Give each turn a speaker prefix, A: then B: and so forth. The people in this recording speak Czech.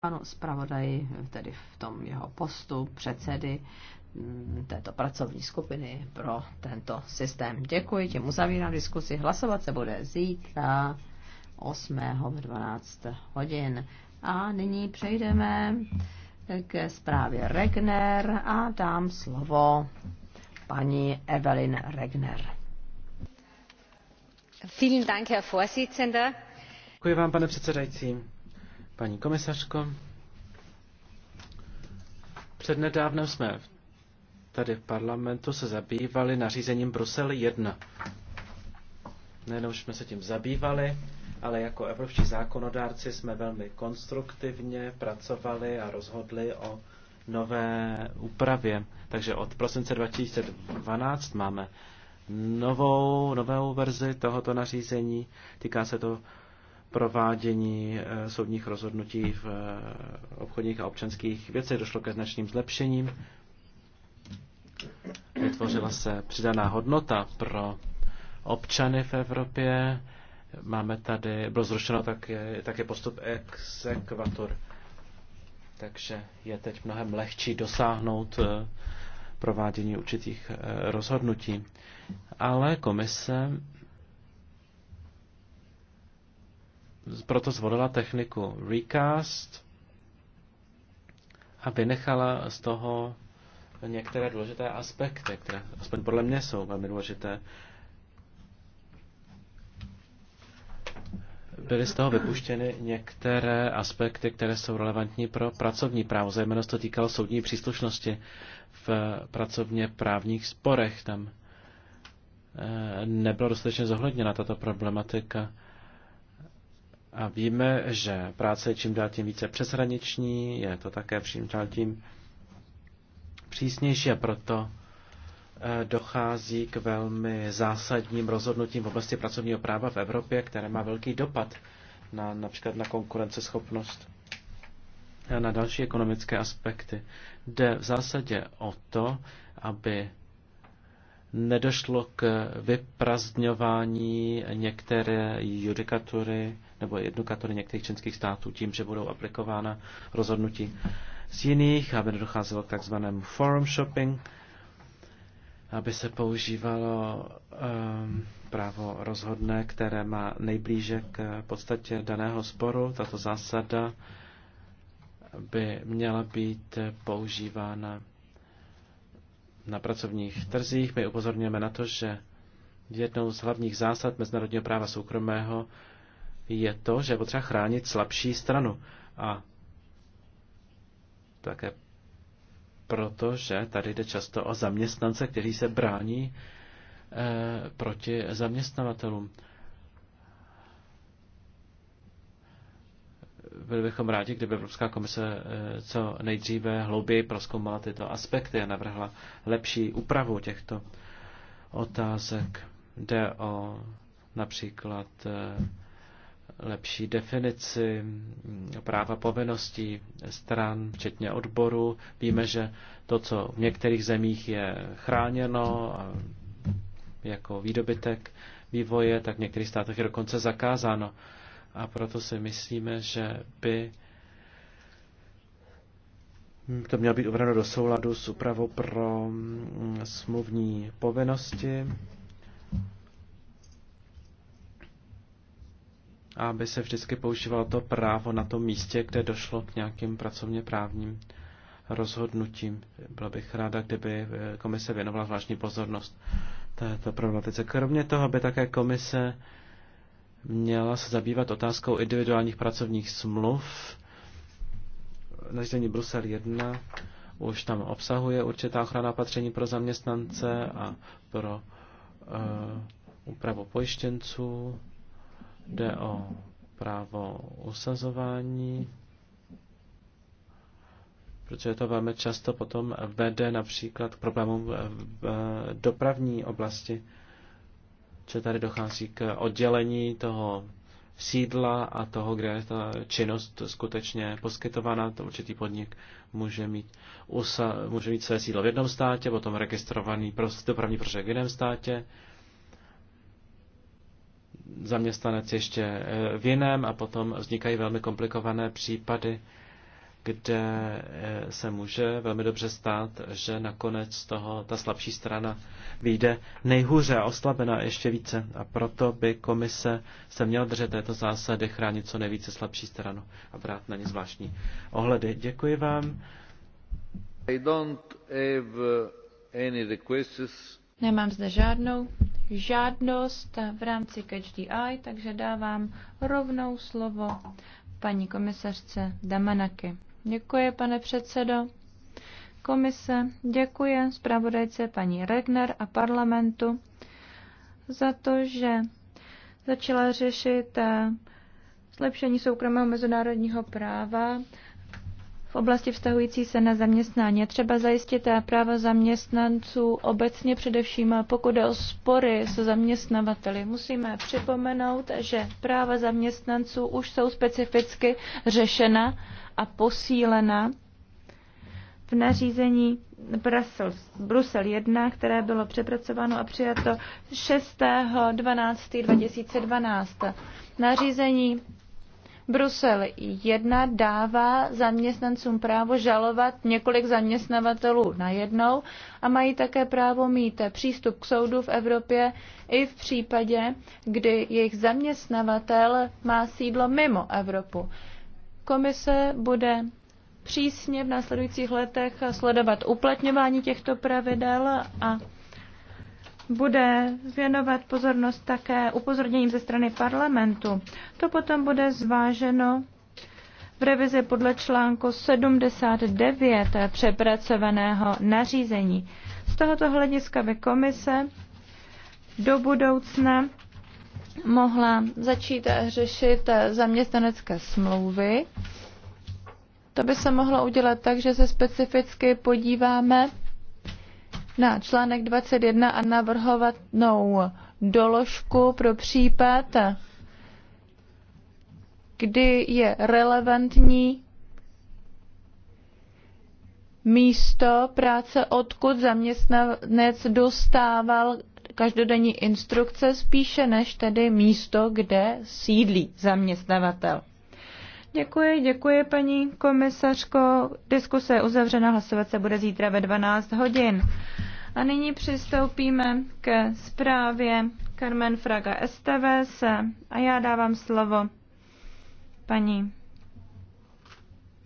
A: panu zpravodaji, tedy v tom jeho postu předsedy mm, této pracovní skupiny pro tento systém. Děkuji, tím uzavírám diskusi. Hlasovat se bude zítra 8. v 12 hodin. A nyní přejdeme ke zprávě Regner a dám slovo paní Evelyn Regner. Vielen
B: Dank, Herr Vorsitzender. Děkuji vám, pane předsedající Paní komisařko, přednedávnem jsme tady v parlamentu se zabývali nařízením Brusel 1. Nejenom jsme se tím zabývali, ale jako evropští zákonodárci jsme velmi konstruktivně pracovali a rozhodli o nové úpravě. Takže od prosince 2012 máme novou, novou verzi tohoto nařízení. Týká se to provádění eh, soudních rozhodnutí v eh, obchodních a občanských věcech došlo ke značným zlepšením. Vytvořila se přidaná hodnota pro občany v Evropě. Máme tady, bylo zrušeno také, také postup exekvatur, takže je teď mnohem lehčí dosáhnout eh, provádění určitých rozhodnutí. Ale komise proto zvolila techniku recast a vynechala z toho některé důležité aspekty, které aspoň podle mě jsou velmi důležité. Byly z toho vypuštěny některé aspekty, které jsou relevantní pro pracovní právo, zejména se to týkalo soudní příslušnosti v pracovně právních sporech. Tam eh, nebyla dostatečně zohledněna tato problematika. A víme, že práce je čím dál tím více přeshraniční, je to také čím dál tím přísnější a proto eh, dochází k velmi zásadním rozhodnutím v oblasti pracovního práva v Evropě, které má velký dopad na například na konkurenceschopnost a na další ekonomické aspekty. Jde v zásadě o to, aby nedošlo k vyprazdňování některé judikatury nebo judikatury některých členských států tím, že budou aplikována rozhodnutí z jiných, aby nedocházelo k takzvanému forum shopping, aby se používalo um, právo rozhodné, které má nejblíže k podstatě daného sporu. Tato zásada by měla být používána na pracovních trzích. My upozorňujeme na to, že jednou z hlavních zásad mezinárodního práva soukromého je to, že je potřeba chránit slabší stranu. A také proto, že tady jde často o zaměstnance, kteří se brání e, proti zaměstnavatelům. E, byli bychom rádi, kdyby Evropská komise eh, co nejdříve hlouběji proskoumala tyto aspekty a navrhla lepší úpravu těchto otázek. Jde o například eh, lepší definici mm, práva povinností stran, včetně odboru. Víme, že to, co v některých zemích je chráněno jako výdobytek vývoje, tak v některých státech je dokonce zakázáno a proto si myslíme, že by to mělo být uvedeno do souladu s úpravou pro mm, smluvní povinnosti, aby se vždycky používalo to právo na tom místě, kde došlo k nějakým pracovně právním rozhodnutím. Byla bych ráda, kdyby eh, komise věnovala zvláštní pozornost této problematice. Kromě toho by také komise měla se zabývat otázkou individuálních pracovních smluv. Nařízení Brusel 1 už tam obsahuje určitá ochrana opatření pro zaměstnance a pro uh, úpravu pojištěnců. Jde o právo usazování, protože to velmi často potom vede například k problémům v dopravní oblasti že tady dochází k oddělení toho sídla a toho, kde je ta činnost skutečně poskytována, to určitý podnik může mít, USA, může mít své sídlo v jednom státě, potom registrovaný dopravní prostředek v jiném státě, zaměstnanec ještě eh, v jiném a potom vznikají velmi komplikované případy kde eh, se může velmi dobře stát, že nakonec toho ta slabší strana vyjde nejhůře a oslabená ještě více. A proto by komise se měla držet této zásady chránit co nejvíce slabší stranu a brát na ně zvláštní ohledy. Děkuji vám.
A: I don't have eh, any
B: requests.
A: Nemám zde žádnou žádnost v rámci Catch the Eye, takže dávám rovnou slovo paní komisařce Damanaky. Děkuji, pane předsedo. Komise děkuje zpravodajce paní Regner a parlamentu za to, že začala řešit eh, zlepšení soukromého mezinárodního práva v oblasti vztahující se na zaměstnání. Třeba zajistit eh, práva zaměstnanců obecně především, eh, pokud jde o spory se zaměstnavateli. Musíme připomenout, že práva zaměstnanců už jsou specificky řešena a posílena v nařízení Brusel, Brusel 1, které bylo přepracováno a přijato 6.12.2012. Nařízení Brusel 1 dává zaměstnancům právo žalovat několik zaměstnavatelů najednou a mají také právo mít přístup k soudu v Evropě i v případě, kdy jejich zaměstnavatel má sídlo mimo Evropu. Komise bude přísně v následujících letech sledovat uplatňování těchto pravidel a bude věnovat pozornost také upozorněním ze strany parlamentu. To potom bude zváženo v revizi podle článku 79 přepracovaného nařízení. Z tohoto hlediska by komise do budoucna mohla začít řešit zaměstnanecké smlouvy. To by se mohlo udělat tak, že se specificky podíváme na článek 21 a navrhovanou doložku pro případ, kdy je relevantní místo práce, odkud zaměstnanec dostával každodenní instrukce, spíše než tedy místo, kde sídlí zaměstnavatel. Děkuji, děkuji paní komisařko. Diskuse je uzavřena, hlasovat se bude zítra ve 12 hodin. A nyní přistoupíme ke zprávě Carmen Fraga STV a já dávám slovo paní